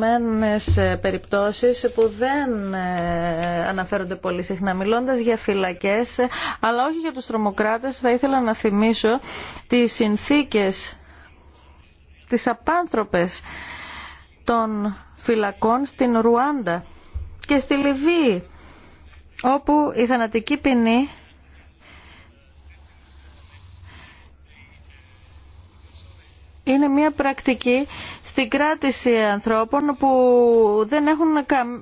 συγκεκριμένες ε, περιπτώσεις που δεν ε, αναφέρονται πολύ συχνά μιλώντας για φυλακές ε, αλλά όχι για τους τρομοκράτες θα ήθελα να θυμίσω τις συνθήκες τις απάνθρωπες των φυλακών στην Ρουάντα και στη Λιβύη όπου η θανατική ποινή είναι μια πρακτική στην κράτηση ανθρώπων που δεν έχουν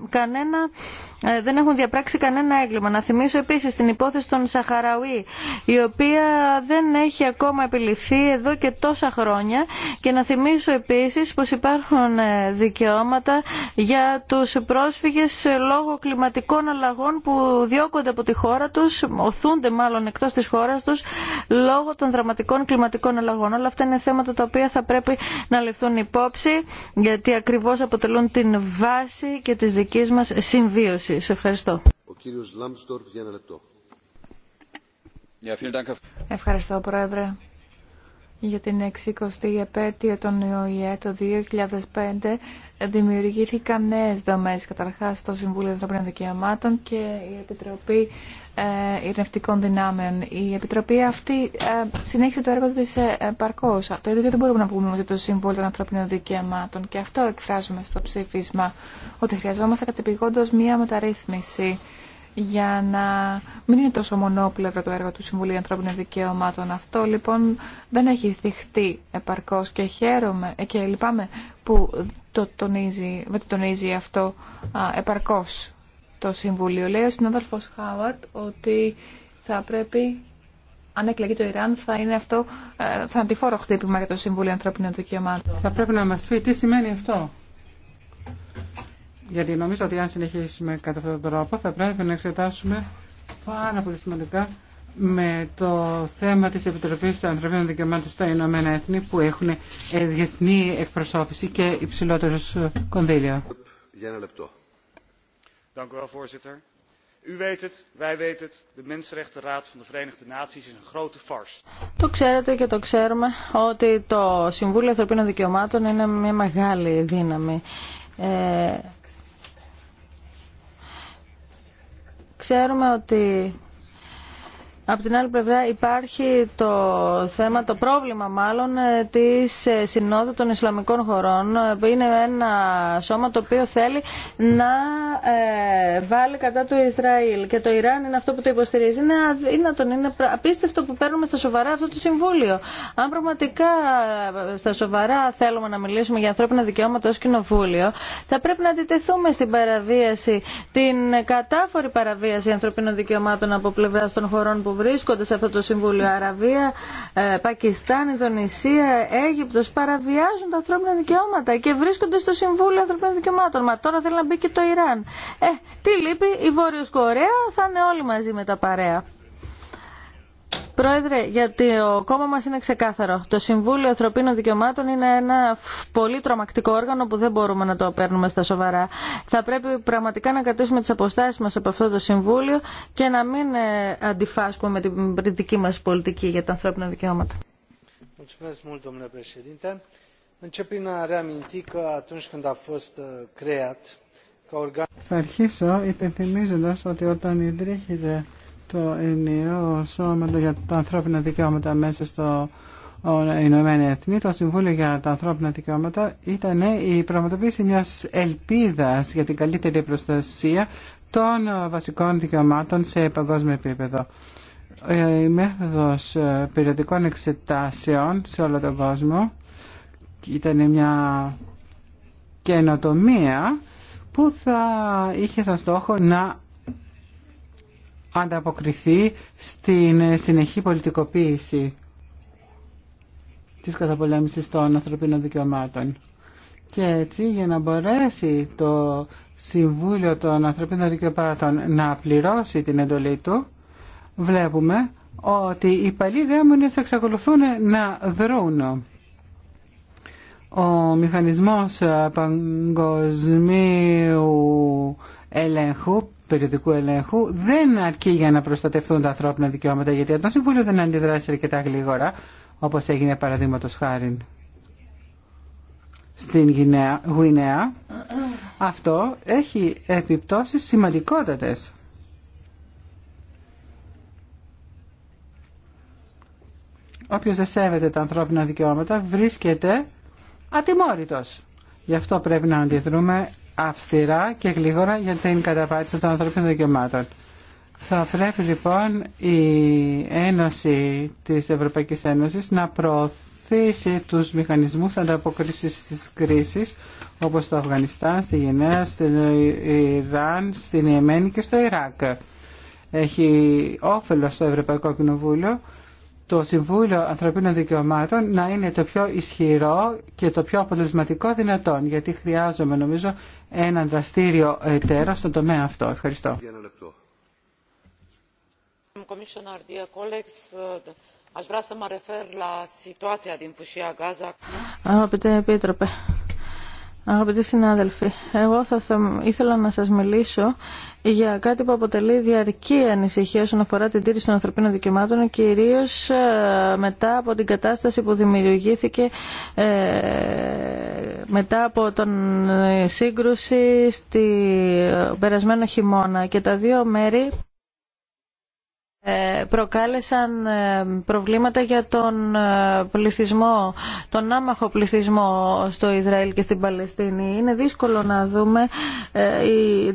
κανένα ε, δεν έχουν διαπράξει κανένα έγκλημα. Να θυμίσω επίση την υπόθεση των Σαχαραουί, η οποία δεν έχει ακόμα επιληθεί εδώ και τόσα χρόνια και να θυμίσω επίση πω υπάρχουν ε, δικαιώματα για του πρόσφυγε λόγω κλιματικών αλλαγών που διώκονται από τη χώρα του, οθούνται μάλλον εκτό τη χώρα του, λόγω των δραματικών κλιματικών αλλαγών. Όλα αυτά είναι θέματα τα οποία θα πρέπει να ληφθούν υπόψη γιατί ακριβώ αποτελούν την βάση και τη δική μα συμβίωση. Ευχαριστώ. Ο κύριος για ένα λεπτό. Ευχαριστώ, Πρόεδρε. Για την 60η επέτειο των ΟΗΕ το 2005 δημιουργήθηκαν νέε δομέ. καταρχάς το Συμβούλιο Ανθρωπίνων Δικαιωμάτων και η Επιτροπή ε, Ειρνευτικών Δυνάμεων. Η Επιτροπή αυτή ε, συνέχισε το έργο τη ε, επαρκώ. Το ίδιο δεν μπορούμε να πούμε ότι το Συμβούλιο των Ανθρωπίνων Δικαιωμάτων και αυτό εκφράζουμε στο ψήφισμα, ότι χρειαζόμαστε κατεπηγόντω μία μεταρρύθμιση για να μην είναι τόσο μονόπλευρο το έργο του Συμβουλίου Ανθρώπινων Δικαιωμάτων. Αυτό λοιπόν δεν έχει θυχτεί επαρκώς και χαίρομαι και λυπάμαι που το τονίζει, δεν το τονίζει αυτό α, επαρκώς το Συμβούλιο. Λέει ο συνάδελφος Χάουαρτ ότι θα πρέπει, αν εκλεγεί το Ιράν, θα είναι αυτό ε, θα αντιφόρο χτύπημα για το Συμβούλιο Ανθρώπινων Δικαιωμάτων. Θα πρέπει να μας πει τι σημαίνει αυτό. Γιατί νομίζω ότι αν συνεχίσουμε κατά αυτόν τον τρόπο θα πρέπει να εξετάσουμε πάρα πολύ σημαντικά με το θέμα της Επιτροπής των Ανθρωπίνων Δικαιωμάτων στα Ηνωμένα Έθνη που έχουν ε, διεθνή εκπροσώπηση και υψηλότερο ε, κονδύλιο. Το ξέρετε και το ξέρουμε ότι το Συμβούλιο Ανθρωπίνων Δικαιωμάτων είναι μια μεγάλη δύναμη. Ε, ξέρουμε ότι από την άλλη πλευρά υπάρχει το θέμα, το πρόβλημα μάλλον ε, της ε, Συνόδου των Ισλαμικών χωρών. που ε, Είναι ένα σώμα το οποίο θέλει να βάλει κατά του Ισραήλ και το Ιράν είναι αυτό που το υποστηρίζει. Είναι είναι απίστευτο που παίρνουμε στα σοβαρά αυτό το Συμβούλιο. Αν πραγματικά στα σοβαρά θέλουμε να μιλήσουμε για ανθρώπινα δικαιώματα ως Κοινοβούλιο, θα πρέπει να αντιτεθούμε στην παραβίαση, την κατάφορη παραβίαση ανθρωπίνων δικαιωμάτων από πλευρά των χωρών που βρίσκονται σε αυτό το Συμβούλιο, Αραβία, ε, Πακιστάν, Ινδονησία, Αίγυπτος, παραβιάζουν τα ανθρώπινα δικαιώματα και βρίσκονται στο Συμβούλιο Ανθρωπίνων Δικαιωμάτων. Μα τώρα θέλει να μπει και το Ιράν. Ε, τι λείπει, η Βόρειος Κορέα θα είναι όλοι μαζί με τα παρέα. Πρόεδρε, γιατί ο κόμμα μας είναι ξεκάθαρο. Το Συμβούλιο Ανθρωπίνων Δικαιωμάτων είναι ένα πολύ τρομακτικό όργανο που δεν μπορούμε να το παίρνουμε στα σοβαρά. Θα πρέπει πραγματικά να κρατήσουμε τις αποστάσεις μας από αυτό το Συμβούλιο και να μην ε, αντιφάσκουμε με την δική μας πολιτική για τα ανθρώπινα δικαιώματα. Θα αρχίσω υπενθυμίζοντας ότι όταν ιδρύχεται το ενιαίο για τα ανθρώπινα δικαιώματα μέσα στο Ηνωμένη Έθνη, το Συμβούλιο για τα Ανθρώπινα Δικαιώματα ήταν η πραγματοποίηση μιας ελπίδας για την καλύτερη προστασία των βασικών δικαιωμάτων σε παγκόσμιο επίπεδο. Ε, η μέθοδος ε, περιοδικών εξετάσεων σε όλο τον κόσμο ήταν μια καινοτομία που θα είχε σαν στόχο να ανταποκριθεί στην συνεχή πολιτικοποίηση της καταπολέμησης των ανθρωπίνων δικαιωμάτων. Και έτσι για να μπορέσει το Συμβούλιο των Ανθρωπίνων Δικαιωμάτων να πληρώσει την εντολή του, βλέπουμε ότι οι παλιοί δαίμονες εξακολουθούν να δρούν. Ο μηχανισμός παγκοσμίου ελέγχου περιοδικού ελέγχου δεν αρκεί για να προστατευτούν τα ανθρώπινα δικαιώματα, γιατί αν το Συμβούλιο δεν αντιδράσει αρκετά γλίγορα, όπω έγινε παραδείγματο χάρη στην Γουινέα, αυτό έχει επιπτώσεις σημαντικότατες. Όποιος δεν σέβεται τα ανθρώπινα δικαιώματα βρίσκεται ατιμόρυτος. Γι' αυτό πρέπει να αντιδρούμε αυστηρά και γλίγορα για την καταπάτηση των ανθρώπινων δικαιωμάτων. Θα πρέπει λοιπόν η Ένωση της Ευρωπαϊκής Ένωσης να προωθήσει τους μηχανισμούς ανταποκρίσης της κρίσης όπως το Αφγανιστάν, στη Γενέα, στην Ιράν, στην Ιεμένη και στο Ιράκ. Έχει όφελο στο Ευρωπαϊκό Κοινοβούλιο το Συμβούλιο Ανθρωπίνων Δικαιωμάτων να είναι το πιο ισχυρό και το πιο αποτελεσματικό δυνατόν, γιατί χρειάζομαι νομίζω έναν δραστήριο εταίρο στον τομέα αυτό. Ευχαριστώ. Αγαπητέ Επίτροπε, Αγαπητοί συνάδελφοι, εγώ θα, ήθελα να σας μιλήσω για κάτι που αποτελεί διαρκή ανησυχία όσον αφορά την τήρηση των ανθρωπίνων δικαιωμάτων, κυρίως ε, μετά από την κατάσταση που δημιουργήθηκε ε, μετά από τον ε, σύγκρουση στη ε, περασμένο χειμώνα και τα δύο μέρη ε, προκάλεσαν ε, προβλήματα για τον ε, πληθυσμό, τον άμαχο πληθυσμό στο Ισραήλ και στην Παλαιστίνη. Είναι δύσκολο να δούμε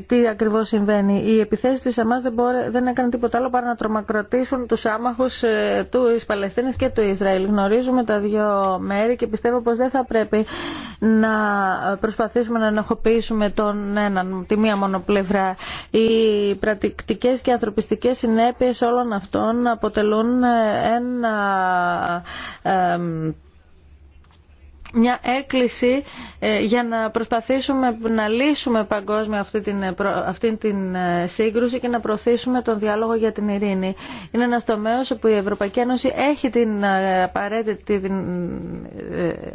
τι ακριβώς συμβαίνει. Οι επιθέσεις της ΑΜΑΣ δεν, μπορεί, δεν έκαναν τίποτα άλλο παρά να τρομακροτήσουν τους άμαχους του Παλαιστίνης και του Ισραήλ. Γνωρίζουμε τα δύο μέρη και πιστεύω πως δεν θα πρέπει να προσπαθήσουμε να ενοχοποιήσουμε τον έναν, τη μία μονοπλευρά. Οι πρακτικές και ανθρωπιστικές συνέπειες όλων αποτελούν ε, ένα ε, μια έκκληση ε, για να προσπαθήσουμε να λύσουμε παγκόσμια αυτή την, αυτή την σύγκρουση και να προωθήσουμε τον διάλογο για την ειρήνη. Είναι ένας τομέας όπου η Ευρωπαϊκή Ένωση έχει την απαραίτητη την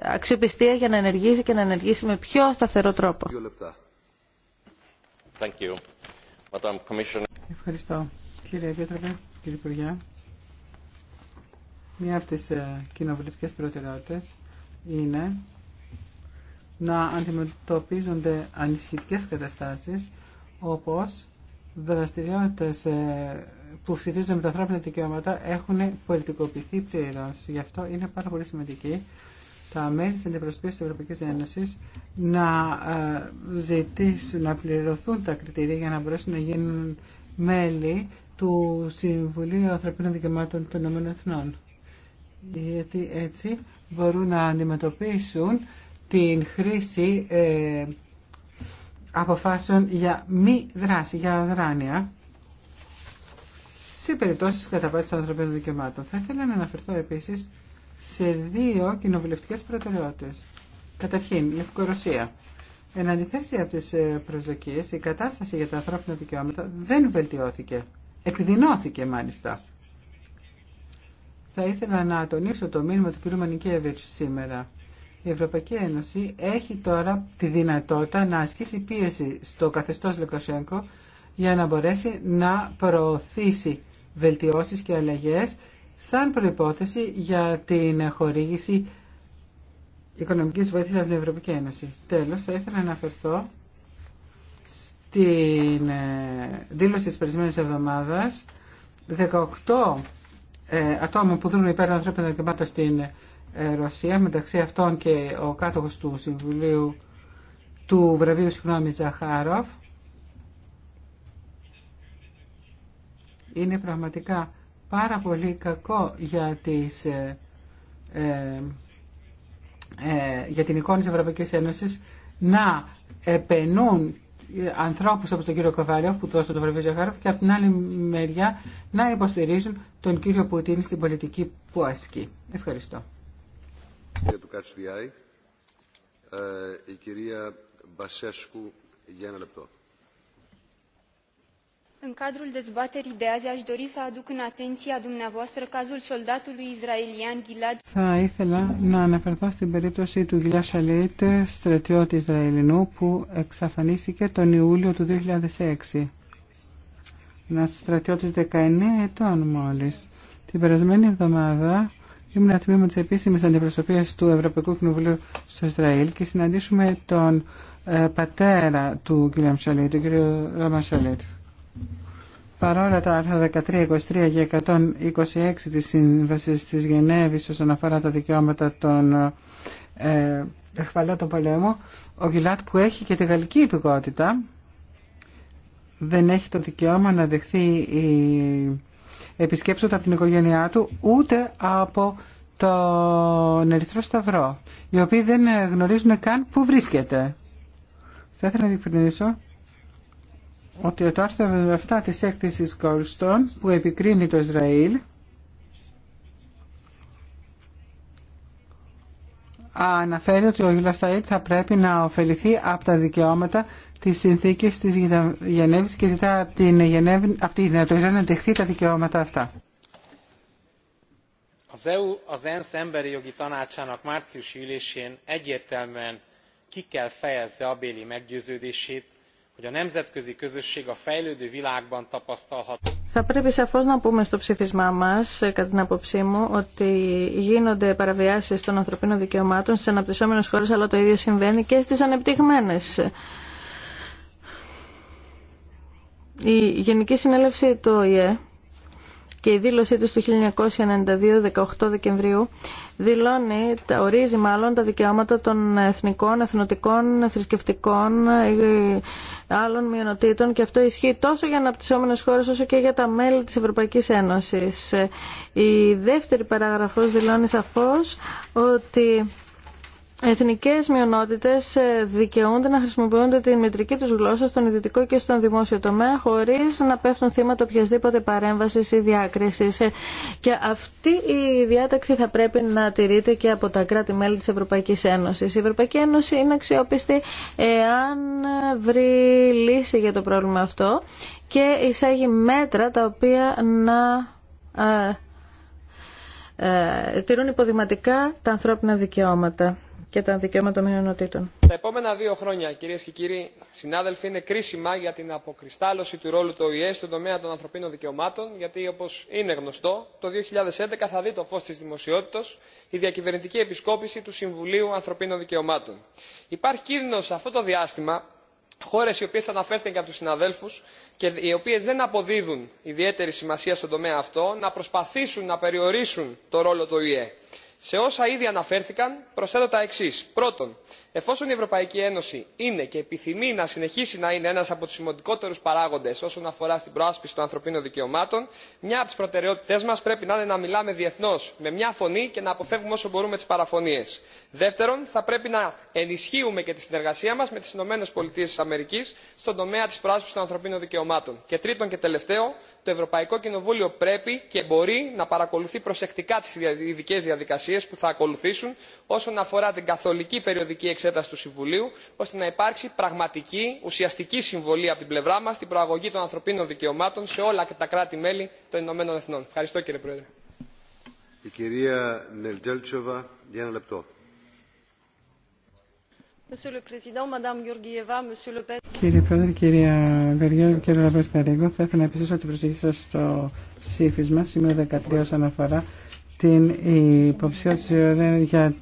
αξιοπιστία για να ενεργήσει και να ενεργήσει με πιο σταθερό τρόπο. Ευχαριστώ. Κύριε Επίτροπε κύριε Υπουργέ. Μία από τις ε, κοινοβουλευτικές προτεραιότητες είναι να αντιμετωπίζονται ανισχυτικές καταστάσεις όπως δραστηριότητες ε, που σχετίζονται με τα ανθρώπινα δικαιώματα έχουν πολιτικοποιηθεί πλήρω. Γι' αυτό είναι πάρα πολύ σημαντική τα μέλη της Αντιπροσωπής της Ευρωπαϊκής Ένωσης να ε, ζητήσουν να πληρωθούν τα κριτήρια για να μπορέσουν να γίνουν μέλη του Συμβουλίου Ανθρωπίνων Δικαιωμάτων των Ηνωμένων Εθνών. Γιατί έτσι μπορούν να αντιμετωπίσουν την χρήση ε, αποφάσεων για μη δράση, για αδράνεια, σε περιπτώσει καταπάτηση των ανθρωπίνων δικαιωμάτων. Θα ήθελα να αναφερθώ επίση σε δύο κοινοβουλευτικέ προτεραιότητε. Καταρχήν, Λευκορωσία. Εν αντιθέσει από τι ε, προσδοκίε, η κατάσταση για τα ανθρώπινα δικαιώματα δεν βελτιώθηκε. Επιδεινώθηκε μάλιστα. Θα ήθελα να τονίσω το μήνυμα του κ. Μανικέβιτς σήμερα. Η Ευρωπαϊκή Ένωση έχει τώρα τη δυνατότητα να ασκήσει πίεση στο καθεστώς Λεκοσέγκο για να μπορέσει να προωθήσει βελτιώσεις και αλλαγές σαν προϋπόθεση για την χορήγηση οικονομικής βοήθειας από την Ευρωπαϊκή Ένωση. Τέλος, θα ήθελα να αναφερθώ την ε, δήλωση της περισμένης εβδομάδας 18 ε, ατόμων που δρούν υπέρ των ανθρώπινων δικαιωμάτων στην ε, Ρωσία, μεταξύ αυτών και ο κάτοχος του Συμβουλίου του βραβείου συγγνώμη Ζαχάροφ, είναι πραγματικά πάρα πολύ κακό για, τις, για την εικόνα της Ευρωπαϊκής Ένωσης να επενούν ανθρώπους όπως τον κύριο Καβάλιοφ που του δώσαν το βραβείο Ζαχάροφ και από την άλλη μεριά να υποστηρίζουν τον κύριο Πουτίν στην πολιτική που ασκεί. Ευχαριστώ. Του ε, η κυρία Μπασέσκου για ένα λεπτό. Θα ήθελα να αναφερθώ στην περίπτωση του Γιλιά Σαλίτ, στρατιώτη Ισραηλινού, που εξαφανίστηκε τον Ιούλιο του 2006. Ένα στρατιώτης 19 ετών μόλι. Την περασμένη εβδομάδα ήμουν τμήμα τη επίσημη αντιπροσωπεία του Ευρωπαϊκού Κοινοβουλίου στο Ισραήλ και συναντήσουμε τον ε, πατέρα του κ. Σαλίτ, τον κ. Ραμασολέτ. Παρόλα τα άρθρα 13, 23 και 126 της Σύμβασης της Γενέβης όσον αφορά τα δικαιώματα των ε, των πολέμων ο Γιλάτ που έχει και τη γαλλική υπηκότητα δεν έχει το δικαίωμα να δεχθεί η... τα από την οικογένειά του ούτε από τον Ερυθρό Σταυρό, οι οποίοι δεν γνωρίζουν καν πού βρίσκεται. Θα ήθελα να διευκρινίσω ότι το άρθρο 77 της έκθεσης Κόλστον που επικρίνει το Ισραήλ αναφέρει ότι ο Γιλασαίτ θα πρέπει να ωφεληθεί από τα δικαιώματα της συνθήκης της Γενέβης και ζητά από την, Γενέβη, από την να δεχθεί τα δικαιώματα αυτά. Az EU az ki kell fejezze abéli meggyőződését, θα πρέπει σαφώ να πούμε στο ψήφισμά μας, ε, κατά την άποψή μου, ότι γίνονται παραβιάσει των ανθρωπίνων δικαιωμάτων στι αναπτυσσόμενες χώρε αλλά το ίδιο συμβαίνει και στις ανεπτυγμένες. Η Γενική Συνέλευση του ΟΗΕ και η δήλωσή του του 1992, 18 Δεκεμβρίου, δηλώνει, ορίζει μάλλον τα δικαιώματα των εθνικών, εθνοτικών, θρησκευτικών, ε, άλλων μειονοτήτων και αυτό ισχύει τόσο για αναπτυσσόμενες χώρες όσο και για τα μέλη της Ευρωπαϊκής Ένωσης. Ε, η δεύτερη παράγραφος δηλώνει σαφώς ότι Εθνικές μειονότητες ε, δικαιούνται να χρησιμοποιούνται τη μητρική τους γλώσσα στον ιδιωτικό και στον δημόσιο τομέα χωρίς να πέφτουν θύματα οποιασδήποτε παρέμβασης ή διάκρισης. Ε, και αυτή η διάταξη θα πρέπει να τηρείται και από τα κράτη-μέλη της Ευρωπαϊκής Ένωσης. Η Ευρωπαϊκή Ένωση είναι αξιόπιστη εάν βρει λύση για το πρόβλημα αυτό και εισάγει μέτρα τα οποία να ε, τηρούν υποδηματικά τα ανθρώπινα δικαιώματα και τα δικαιώματα των μειονοτήτων. Τα επόμενα δύο χρόνια, κυρίε και κύριοι συνάδελφοι, είναι κρίσιμα για την αποκριστάλλωση του ρόλου του ΟΗΕ στον τομέα των ανθρωπίνων δικαιωμάτων, γιατί όπω είναι γνωστό, το 2011 θα δει το φω τη δημοσιότητα η διακυβερνητική επισκόπηση του Συμβουλίου Ανθρωπίνων Δικαιωμάτων. Υπάρχει κίνδυνο σε αυτό το διάστημα χώρε οι οποίε αναφέρθηκαν και από του συναδέλφου και οι οποίε δεν αποδίδουν ιδιαίτερη σημασία στον τομέα αυτό να προσπαθήσουν να περιορίσουν το ρόλο του ΟΗΕ σε όσα ήδη αναφέρθηκαν προσθέτω τα εξή πρώτον εφόσον η ευρωπαϊκή ένωση είναι και επιθυμεί να συνεχίσει να είναι ένα από του σημαντικότερου παράγοντε όσον αφορά στην προάσπιση των ανθρωπίνων δικαιωμάτων μια από τι προτεραιότητέ μα πρέπει να είναι να μιλάμε διεθνώ με μια φωνή και να αποφεύγουμε όσο μπορούμε τι παραφωνίε. δεύτερον θα πρέπει να ενισχύουμε και τη συνεργασία μα με τι ηνωμένε πολιτείε τη αμερική στον τομέα τη προάσπιση των ανθρωπίνων δικαιωμάτων. και τρίτον και τελευταίο το ευρωπαϊκό κοινοβούλιο πρέπει και μπορεί να παρακολουθεί προσεκτικά τι ειδικέ διαδικασίε που θα ακολουθήσουν όσον αφορά την καθολική περιοδική εξέταση του συμβουλίου ώστε να υπάρξει πραγματική ουσιαστική συμβολή από την πλευρά μα στην προαγωγή των ανθρωπίνων δικαιωμάτων σε όλα τα κράτη μέλη των ηνωμένων εθνών. ευχαριστώ κύριε πρόεδρε. Η κυρία Νελτζέλτσοβα, για ένα λεπτό. Κύριε Πρόεδρε, κυρία Γκαριό, κύριε Λαμπρό θα ήθελα να επιστήσω την προσοχή σα στο ψήφισμα, σημείο 13, όσον αφορά την υποψηφιότητα για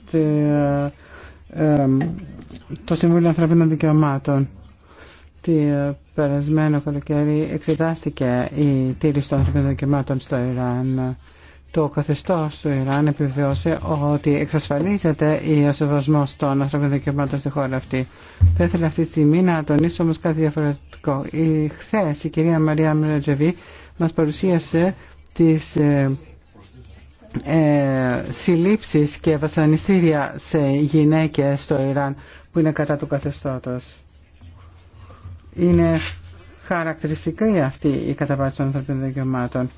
το Συμβούλιο Ανθρωπίνων Δικαιωμάτων. Τη ε, περασμένο καλοκαίρι εξετάστηκε η τήρηση των ανθρωπίνων δικαιωμάτων στο Ιράν. Το καθεστώ του Ιράν επιβεβαιώσε ότι εξασφαλίζεται ο σεβασμό των ανθρωπίνων δικαιωμάτων στη χώρα αυτή. Θα ήθελα αυτή τη στιγμή να τονίσω όμω κάτι διαφορετικό. Η χθε η κυρία Μαρία Μιρατζεβί μα παρουσίασε τι. Ε, ε, και βασανιστήρια σε γυναίκες στο Ιράν που είναι κατά του καθεστώτος. Είναι χαρακτηριστική αυτή η καταπάτηση των ανθρωπίνων δικαιωμάτων.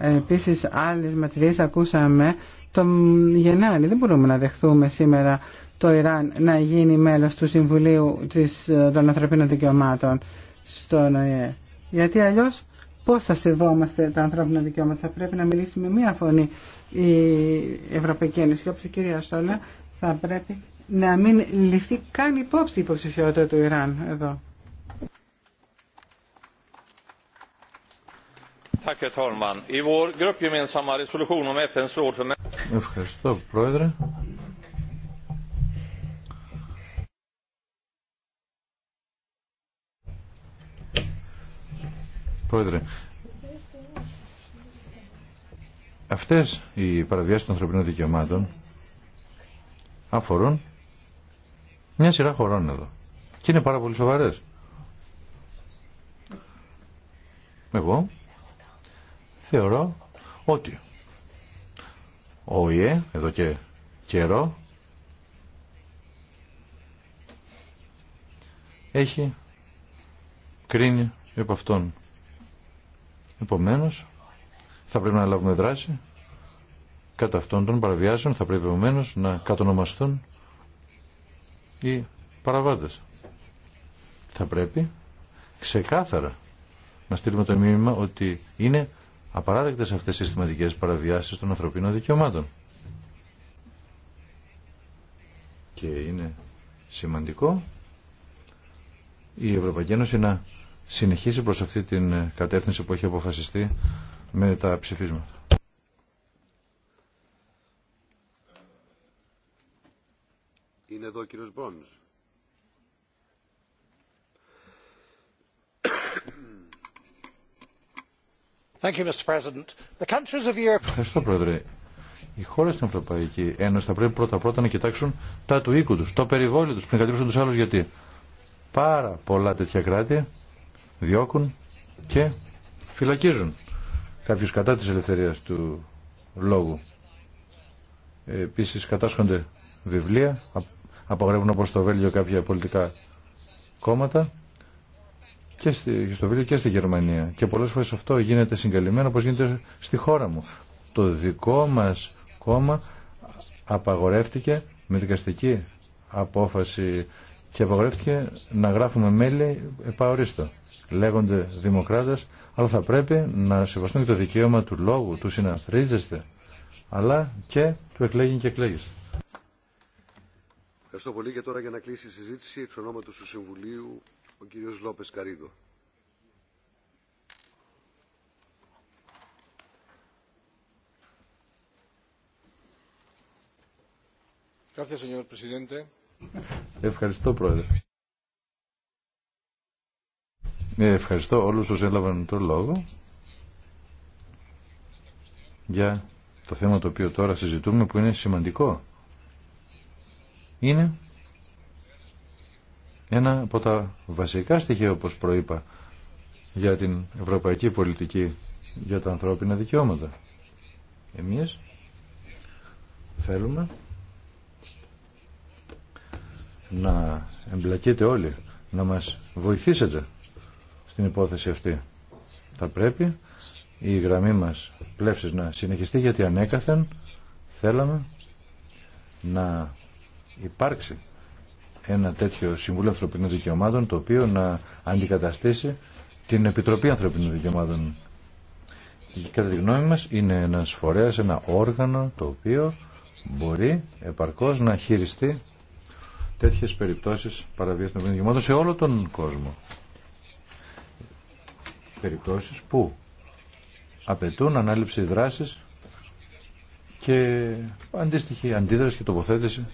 Επίσης άλλες ματριές ακούσαμε τον Γενάρη. Δεν μπορούμε να δεχθούμε σήμερα το Ιράν να γίνει μέλος του Συμβουλίου της, των Ανθρωπίνων Δικαιωμάτων στον ΝΟΕ. Γιατί αλλιώς πώς θα σεβόμαστε τα ανθρώπινα δικαιώματα. Θα πρέπει να μιλήσουμε με μία φωνή η Ευρωπαϊκή Ένωση. όπω η κυρία Σόλα θα πρέπει να μην ληφθεί καν υπόψη η υποψηφιότητα του Ιράν εδώ. Ευχαριστώ, Πρόεδρε. Πρόεδρε, Αυτές οι παραβιάσεις των ανθρωπινών δικαιωμάτων αφορούν μια σειρά χωρών εδώ. Και είναι πάρα πολύ σοβαρές. Εγώ θεωρώ ότι ο ΙΕ εδώ και καιρό έχει κρίνει επ' αυτόν. Επομένως, θα πρέπει να λάβουμε δράση κατά αυτών των παραβιάσεων θα πρέπει επομένω να κατονομαστούν οι παραβάτες. Θα πρέπει ξεκάθαρα να στείλουμε το μήνυμα ότι είναι απαράδεκτες αυτές οι συστηματικές παραβιάσεις των ανθρωπίνων δικαιωμάτων. Και είναι σημαντικό η Ευρωπαϊκή Ένωση να συνεχίσει προς αυτή την κατεύθυνση που έχει αποφασιστεί με τα ψηφίσματα. Είναι ο Ευχαριστώ, Πρόεδρε. Οι χώρε στην Ευρωπαϊκή Ένωση θα πρέπει πρώτα-πρώτα να κοιτάξουν τα του οίκου του, το περιβόλι του, πριν κατηγορήσουν του άλλου γιατί. Πάρα πολλά τέτοια κράτη διώκουν και φυλακίζουν. Κάποιους κατά της ελευθερίας του λόγου. Επίσης κατάσχονται βιβλία, απαγορεύουν όπως το Βέλγιο κάποια πολιτικά κόμματα και στο Βέλγιο και στη Γερμανία. Και πολλές φορές αυτό γίνεται συγκαλυμμένο όπως γίνεται στη χώρα μου. Το δικό μας κόμμα απαγορεύτηκε με δικαστική απόφαση και απαγορεύτηκε να γράφουμε μέλη επαορίστο. Λέγονται δημοκράτες, αλλά θα πρέπει να σεβαστούν και το δικαίωμα του λόγου, του συναθρίζεστε, αλλά και του εκλέγει και εκλέγει. Ευχαριστώ πολύ και τώρα για να κλείσει η συζήτηση εξ ονόματος του Συμβουλίου ο κύριος Λόπες Καρίδο. Gracias, señor presidente. Ευχαριστώ πρόεδρε. Ε, ευχαριστώ όλους όσοι έλαβαν τον λόγο για το θέμα το οποίο τώρα συζητούμε που είναι σημαντικό. Είναι ένα από τα βασικά στοιχεία όπως προείπα για την ευρωπαϊκή πολιτική για τα ανθρώπινα δικαιώματα. Εμείς θέλουμε να εμπλακείτε όλοι, να μας βοηθήσετε στην υπόθεση αυτή. Θα πρέπει η γραμμή μας πλεύσης να συνεχιστεί γιατί ανέκαθεν θέλαμε να υπάρξει ένα τέτοιο Συμβούλιο Ανθρωπινών Δικαιωμάτων το οποίο να αντικαταστήσει την Επιτροπή Ανθρωπινών Δικαιωμάτων. Κατά τη γνώμη μας είναι ένας φορέας, ένα όργανο το οποίο μπορεί επαρκώς να χειριστεί τέτοιες περιπτώσεις παραβίασης των σε όλο τον κόσμο. Περιπτώσεις που απαιτούν ανάληψη δράσης και αντίστοιχη αντίδραση και τοποθέτηση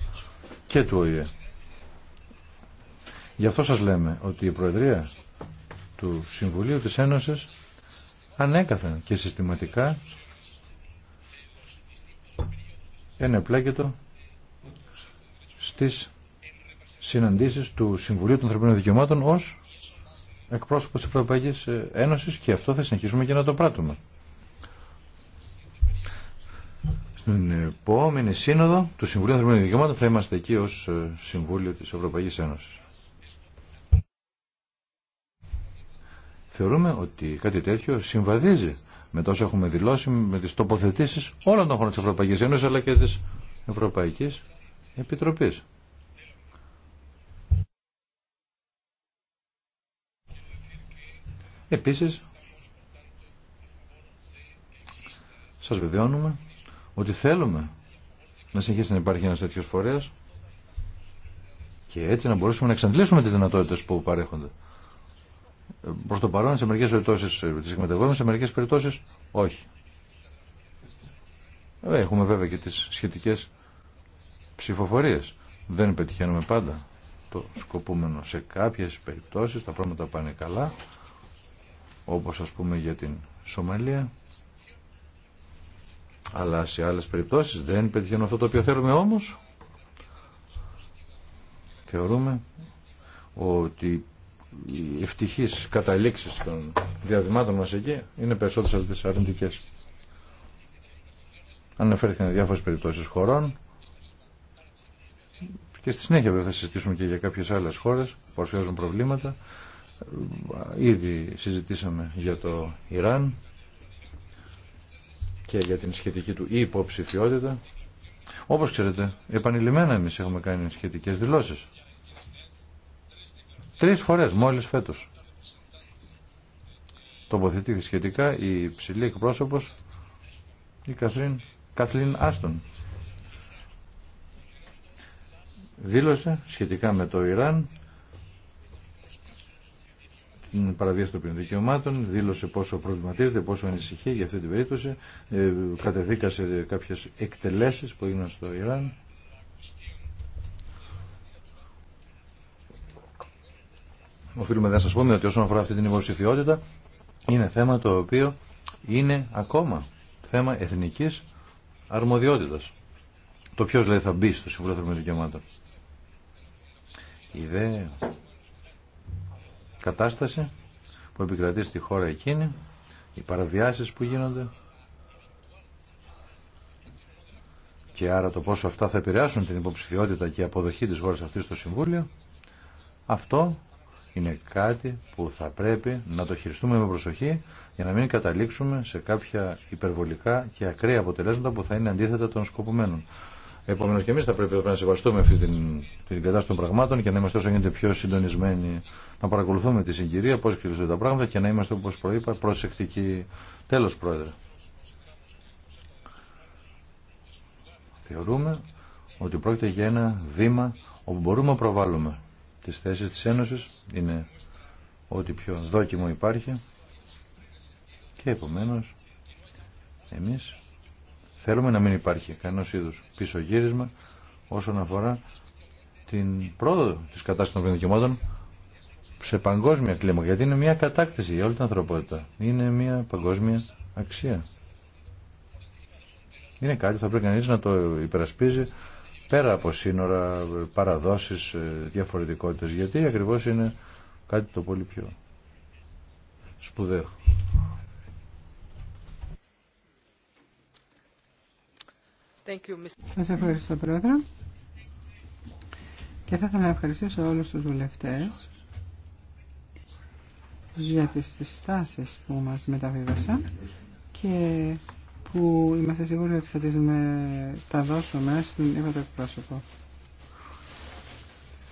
και του ΟΗΕ. Γι' αυτό σας λέμε ότι η Προεδρία του Συμβουλίου της Ένωσης ανέκαθεν και συστηματικά το στις συναντήσεις του Συμβουλίου των Ανθρωπίνων Δικαιωμάτων ως εκπρόσωπο της Ευρωπαϊκής Ένωσης και αυτό θα συνεχίσουμε και να το πράττουμε. Στην επόμενη σύνοδο του Συμβουλίου των Ανθρωπίνων Δικαιωμάτων θα είμαστε εκεί ως ε, Συμβούλιο της Ευρωπαϊκής Ένωσης. Θεωρούμε ότι κάτι τέτοιο συμβαδίζει με τόσο έχουμε δηλώσει, με τις τοποθετήσεις όλων των χωρών της Ευρωπαϊκής Ένωσης αλλά και της Ευρωπαϊκής Επιτροπής. Επίσης, σας βεβαιώνουμε ότι θέλουμε να συνεχίσει να υπάρχει ένας τέτοιος φορέας και έτσι να μπορέσουμε να εξαντλήσουμε τις δυνατότητες που παρέχονται. Προς το παρόν, σε μερικές περιπτώσεις ε, τις εκμεταλλεύουμε, σε μερικές περιπτώσεις όχι. Ε, έχουμε βέβαια και τις σχετικές ψηφοφορίες. Δεν πετυχαίνουμε πάντα το σκοπούμενο. Σε κάποιες περιπτώσεις τα πράγματα πάνε καλά, όπως ας πούμε για την Σομαλία αλλά σε άλλες περιπτώσεις δεν πετυχαίνουν αυτό το οποίο θέλουμε όμως θεωρούμε ότι οι ευτυχείς καταλήξεις των διαδημάτων μας εκεί είναι περισσότερες από τις αρνητικές αναφέρθηκαν διάφορες περιπτώσεις χωρών και στη συνέχεια βέβαια θα συζητήσουμε και για κάποιες άλλες χώρες που προβλήματα Ήδη συζητήσαμε για το Ιράν και για την σχετική του υποψηφιότητα. Όπως ξέρετε, επανειλημμένα εμείς έχουμε κάνει σχετικές δηλώσεις. Τρεις φορές μόλις φέτος. Τοποθετήθηκε σχετικά η ψηλή εκπρόσωπος, η Καθλίν, Καθλίν Άστον. Δήλωσε σχετικά με το Ιράν παραβίαση των ποινών δικαιωμάτων, δήλωσε πόσο προβληματίζεται, πόσο ανησυχεί για αυτή την περίπτωση, ε, κατεδίκασε κάποιες εκτελέσεις που έγιναν στο Ιράν. Οφείλουμε να σα πούμε ότι όσον αφορά αυτή την υποψηφιότητα είναι θέμα το οποίο είναι ακόμα θέμα εθνικής αρμοδιότητας. Το ποιο λέει δηλαδή, θα μπει στο Συμβουλίο Δικαιωμάτων. Η κατάσταση που επικρατεί στη χώρα εκείνη, οι παραβιάσεις που γίνονται και άρα το πόσο αυτά θα επηρεάσουν την υποψηφιότητα και αποδοχή της χώρας αυτής στο Συμβούλιο, αυτό είναι κάτι που θα πρέπει να το χειριστούμε με προσοχή για να μην καταλήξουμε σε κάποια υπερβολικά και ακραία αποτελέσματα που θα είναι αντίθετα των σκοπουμένων. Επομένω και εμεί θα πρέπει να σεβαστούμε αυτή την, την κατάσταση των πραγμάτων και να είμαστε όσο γίνεται πιο συντονισμένοι, να παρακολουθούμε τη συγκυρία, πώ κυλίζονται τα πράγματα και να είμαστε, όπω προείπα, προσεκτικοί. Τέλο, Πρόεδρε. Θεωρούμε ότι πρόκειται για ένα βήμα όπου μπορούμε να προβάλλουμε τι θέσει τη Ένωση. είναι ό,τι πιο δόκιμο υπάρχει και επομένω εμείς Θέλουμε να μην υπάρχει κανένα είδου πίσω γύρισμα όσον αφορά την πρόοδο της κατάστασης των δικαιωμάτων σε παγκόσμια κλίμακα, γιατί είναι μια κατάκτηση για όλη την ανθρωπότητα. Είναι μια παγκόσμια αξία. Είναι κάτι που θα πρέπει κανεί να το υπερασπίζει πέρα από σύνορα, παραδόσεις, ε, διαφορετικότητε. γιατί ακριβώ είναι κάτι το πολύ πιο σπουδαίο. Σας ευχαριστώ Πρόεδρε και θα ήθελα να ευχαριστήσω όλους τους βουλευτές για τις συστάσεις που μας μεταβίβασαν και που είμαστε σίγουροι ότι θα τις μεταδώσουμε στην το εκπρόσωπο.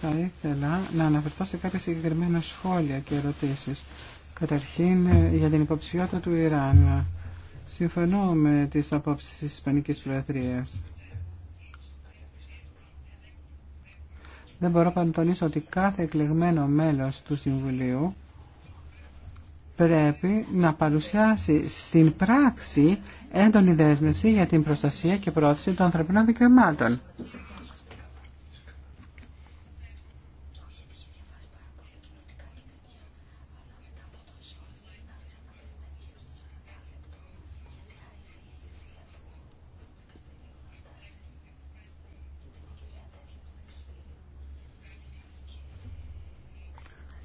Θα ήθελα να αναφερθώ σε κάποια συγκεκριμένα σχόλια και ερωτήσεις. Καταρχήν για την υποψηφιότητα του Ιράν. Συμφωνώ με τις απόψεις της Ισπανικής Προεδρίας. Δεν μπορώ να τονίσω ότι κάθε εκλεγμένο μέλος του Συμβουλίου πρέπει να παρουσιάσει στην πράξη έντονη δέσμευση για την προστασία και πρόθεση των ανθρωπινών δικαιωμάτων.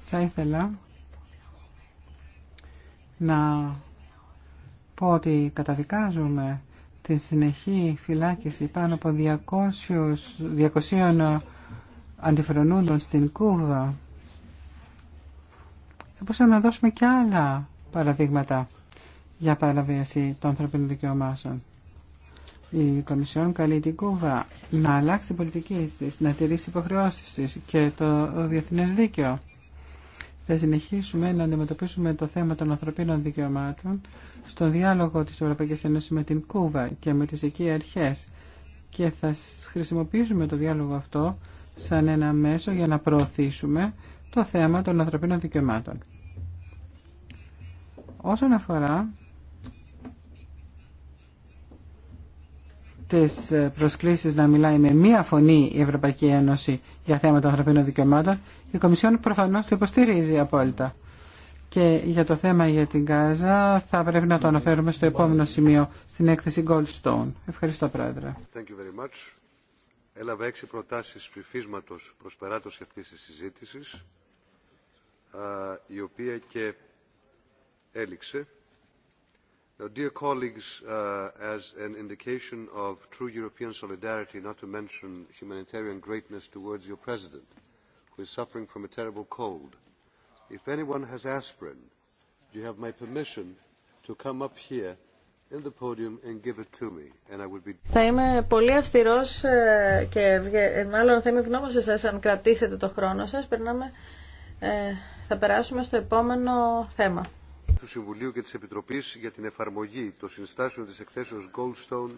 Θα ήθελα να πω ότι καταδικάζουμε τη συνεχή φυλάκιση πάνω από 200, 200 αντιφρονούντων στην Κούβα. Θα μπορούσαμε να δώσουμε και άλλα παραδείγματα για παραβίαση των ανθρωπίνων δικαιωμάτων. Η Κομισιόν καλεί την Κούβα να αλλάξει την πολιτική της, να τηρήσει υποχρεώσεις της και το διεθνές δίκαιο θα συνεχίσουμε να αντιμετωπίσουμε το θέμα των ανθρωπίνων δικαιωμάτων στον διάλογο της Ευρωπαϊκής Ένωσης με την Κούβα και με τις εκεί αρχές και θα χρησιμοποιήσουμε το διάλογο αυτό σαν ένα μέσο για να προωθήσουμε το θέμα των ανθρωπίνων δικαιωμάτων. Όσον αφορά τις ε, προσκλήσεις να μιλάει με μία φωνή η Ευρωπαϊκή Ένωση για θέματα ανθρωπίνων δικαιωμάτων, η Κομισιόν προφανώς το υποστηρίζει απόλυτα. Και για το θέμα για την Γάζα θα πρέπει να το αναφέρουμε στο επόμενο σημείο στην έκθεση Goldstone. Ευχαριστώ Πρόεδρε. Thank you very much. Έλαβα έξι προτάσεις ψηφίσματος προς περάτωση αυτής της συζήτησης, η οποία και έληξε. Dear colleagues, as an indication of true European solidarity, not to mention humanitarian greatness towards your President, who is suffering from a terrible cold, if anyone has aspirin, you have my permission to come up here in the podium and give it to me. And I would be... Θα είμαι πολύ αυστηρός και μάλλον θα είμαι ευγνώμων σε εσάς αν κρατήσετε το χρόνο σας. Περνάμε, θα περάσουμε στο επόμενο θέμα του Συμβουλίου και της Επιτροπής για την εφαρμογή των συνστάσεων της εκθέσεως Goldstone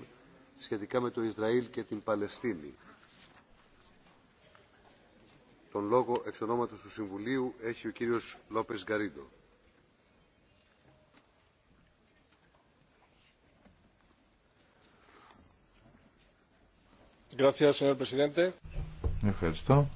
σχετικά με το Ισραήλ και την Παλαιστίνη. Τον λόγο εξ του Συμβουλίου έχει ο κύριος Λόπες Γκαρίντο. Ευχαριστώ.